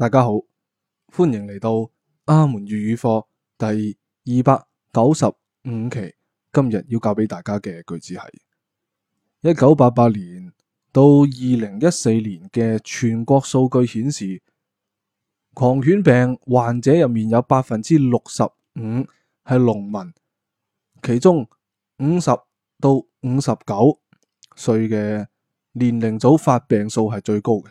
大家好，歡迎嚟到阿門粵語課第二百九十五期。今日要教俾大家嘅句子係：一九八八年到二零一四年嘅全國數據顯示，狂犬病患者入面有百分之六十五係農民，其中五十到五十九歲嘅年齡組發病數係最高嘅。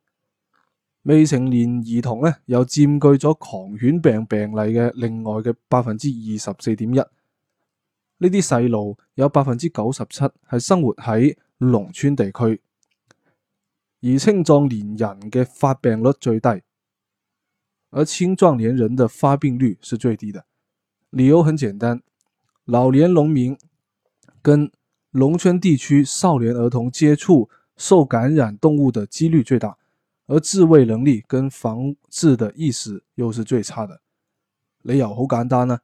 未成年兒童呢，又佔據咗狂犬病病例嘅另外嘅百分之二十四點一，呢啲細路有百分之九十七係生活喺農村地區，而青壯年人嘅發病率最低，而青壯年人的發病率是最低的，理由很簡單，老年農民跟農村地區少年兒童接觸受感染動物的幾率最大。而自衛能力跟防治的意識又是最差的。理由好簡單啊，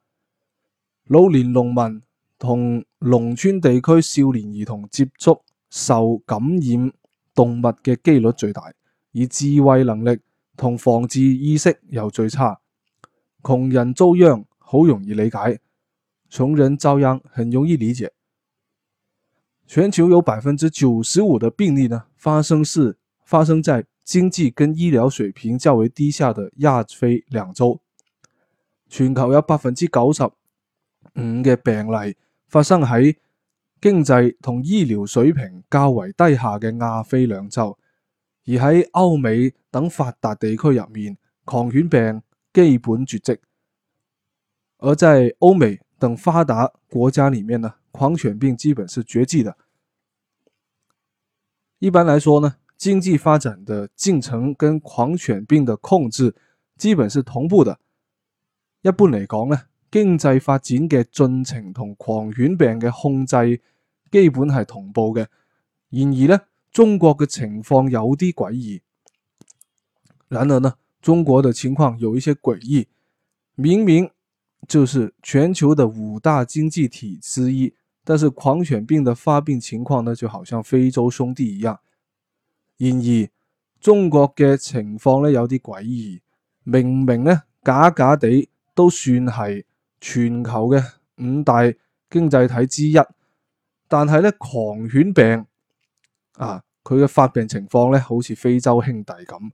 老年農民同農村地區少年兒童接觸受感染動物嘅幾率最大，而自衛能力同防治意識又最差。窮人遭殃好容易理解。窮人遭殃很容易理解。全球有百分之九十五的病例呢，發生是發生在。經濟跟醫療水平較為低下的亞非兩洲，全球有百分之九十五嘅病例發生喺經濟同醫療水平較為低下嘅亞非兩洲。而喺歐美等發達地區入面，狂犬病基本絕跡。而在歐美等發達國家裏面呢，狂犬病基本是絕跡的。一般來說呢，經濟發展的進程跟狂犬病的控制基本是同步的。一般嚟講呢，經濟發展嘅進程同狂犬病嘅控制基本係同步嘅。然而呢，中國嘅情況有啲詭異。然而呢，中國嘅情況有一些詭異。明明就是全球的五大經濟體之一，但是狂犬病嘅發病情況呢，就好像非洲兄弟一樣。然而，中國嘅情況咧有啲詭異，明明咧，假假地都算係全球嘅五大經濟體之一，但係咧狂犬病啊，佢嘅發病情況咧好似非洲兄弟咁。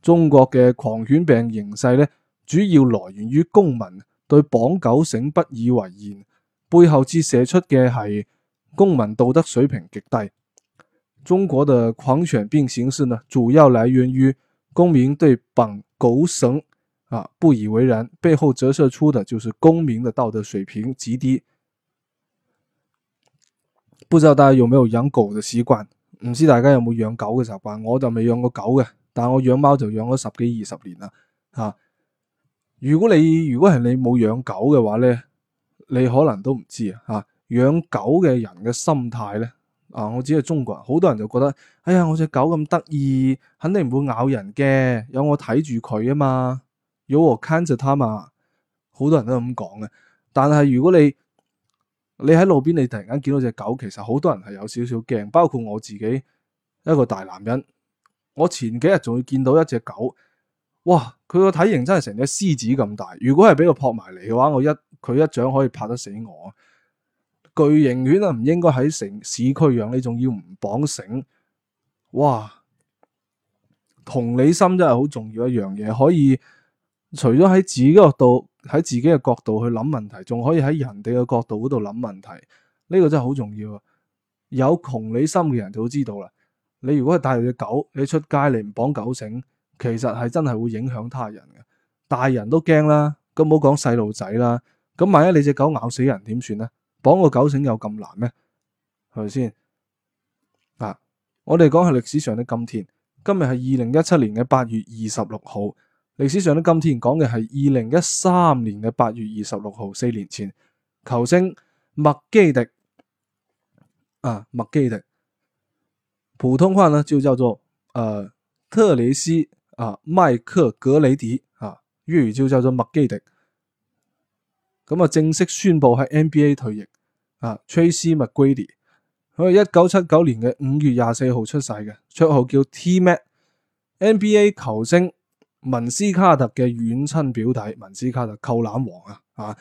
中國嘅狂犬病形勢咧，主要來源於公民對綁狗繩不以為然，背後折射出嘅係公民道德水平極低。中國的狂犬病形勢呢，主要來源於公民對綁狗繩，啊不以為然，背後折射出的就是公民的道德水平極低。不知道大家有沒有養狗的習慣？唔知大家有冇養狗嘅習慣？我就未養過狗嘅，但我養貓就養咗十幾二十年啦。啊，如果你如果係你冇養狗嘅話咧，你可能都唔知啊。啊，養狗嘅人嘅心態咧。啊！我只係中國人，好多人就覺得，哎呀，我隻狗咁得意，肯定唔會咬人嘅，有我睇住佢啊嘛，有我看著他啊嘛，好多人都咁講嘅。但係如果你你喺路邊，你突然間見到隻狗，其實好多人係有少少驚，包括我自己一個大男人。我前幾日仲會見到一隻狗，哇！佢個體型真係成隻獅子咁大，如果係俾佢撲埋嚟嘅話，我一佢一掌可以拍得死我。巨型犬啊，唔應該喺城市區養，你仲要唔綁繩？哇，同理心真係好重要一樣嘢，可以除咗喺自己嘅度，喺自己嘅角度去諗問題，仲可以喺人哋嘅角度嗰度諗問題，呢個真係好重要啊！有同理心嘅人就知道啦。你如果係帶住隻狗，你出街你唔綁狗繩，其實係真係會影響他人嘅。大人都驚啦，咁唔好講細路仔啦。咁萬一你隻狗咬死人，點算呢？綁個狗繩有咁難咩？係咪先？嗱、啊，我哋講係歷史上的今天，今日係二零一七年嘅八月二十六號。歷史上嘅今天講嘅係二零一三年嘅八月二十六號，四年前球星麥基迪啊，麥基迪，普通話呢就叫做誒、呃、特里斯啊，麥克格雷迪啊，粵語就叫做麥基迪。咁啊，正式宣布喺 NBA 退役啊，Tracy McGrady，佢係一九七九年嘅五月廿四號出世嘅，綽號叫 T-Mac，NBA 球星文斯卡特嘅遠親表弟，文斯卡特扣籃王啊啊！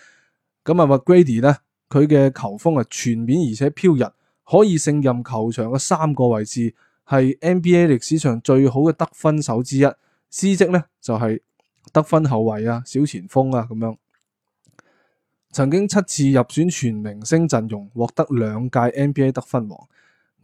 咁啊，McGrady 咧，佢嘅球風係全面而且飄逸，可以勝任球場嘅三個位置，係 NBA 歷史上最好嘅得分手之一。司職咧就係、是、得分後衛啊、小前鋒啊咁樣。曾經七次入選全明星陣容，獲得兩屆 NBA 得分王。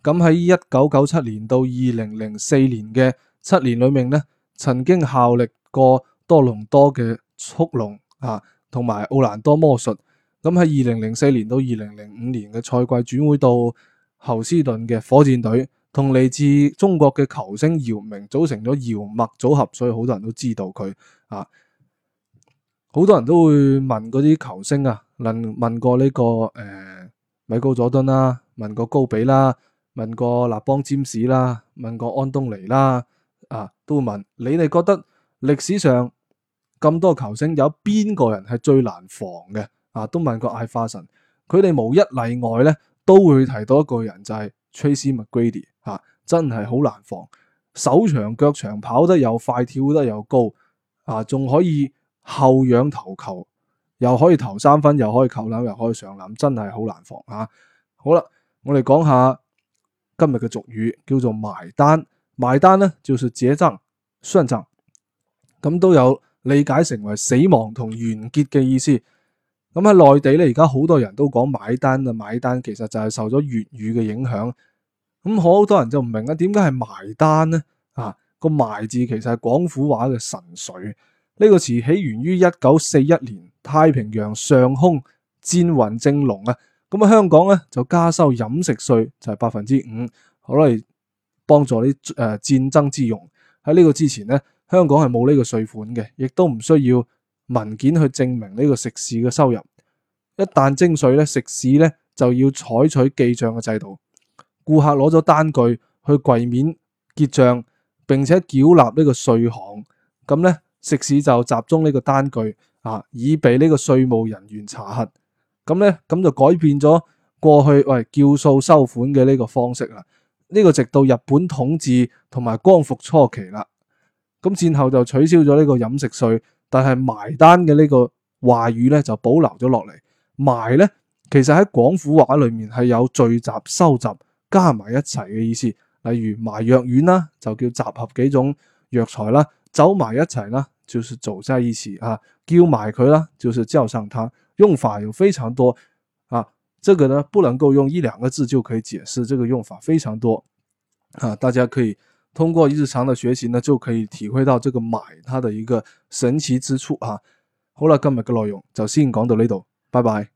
咁喺一九九七年到二零零四年嘅七年裏面咧，曾經效力過多倫多嘅速龍啊，同埋奧蘭多魔術。咁喺二零零四年到二零零五年嘅賽季轉會到侯斯頓嘅火箭隊，同嚟自中國嘅球星姚明組成咗姚麥組合，所以好多人都知道佢啊。好多人都會問嗰啲球星啊，問問過呢、這個誒、呃、米高佐敦啦，問過高比啦，問過立邦占士啦，問過安東尼啦，啊，都會問你哋覺得歷史上咁多球星有邊個人係最難防嘅？啊，都問過艾化神，佢哋無一例外咧，都會提到一個人就係 Tracy McGrady 嚇、啊，真係好難防，手長腳長，跑得又快，跳得又高，啊，仲可以。後仰投球，又可以投三分，又可以扣籃，又可以上籃，真係好難防吓、啊。好啦，我哋講下今日嘅俗語，叫做埋單。埋單咧，就是借憎、雙憎，咁都有理解成為死亡同完結嘅意思。咁喺內地咧，而家好多人都講埋單啊，埋單其實就係受咗粵語嘅影響。咁好多人就唔明啊，點解係埋單咧？啊，個埋字其實係廣府話嘅神髓。呢個詞起源於一九四一年，太平洋上空戰雲正濃啊。咁啊,香港咧就加收飲食稅，就，就係百分之五，好嚟幫助啲誒、呃、戰爭之用。喺呢個之前咧，香港係冇呢個稅款嘅，亦都唔需要文件去證明呢個食肆嘅收入。一旦徵稅咧，食肆咧就要採取記賬嘅制度，顧客攞咗單據去櫃面結賬，並且繳納呢個稅項。咁咧？食肆就集中呢個單據啊，以俾呢個稅務人員查核。咁咧，咁就改變咗過去喂叫數收款嘅呢個方式啦。呢個直到日本統治同埋光復初期啦。咁戰後就取消咗呢個飲食稅，但係埋單嘅呢個話語咧就保留咗落嚟。埋咧，其實喺廣府話裡面係有聚集、收集、加埋一齊嘅意思。例如埋藥丸啦，就叫集合幾種藥材啦，走埋一齊啦。就是走在一起啊，g i v 叫埋佢啦，就是叫上他。用法有非常多啊，這個呢不能夠用一兩個字就可以解釋，這個用法非常多啊，大家可以通過日常的學習呢就可以體會到這個埋它的一個神奇之處啊。好啦，今日嘅內容就先講到呢度，拜拜。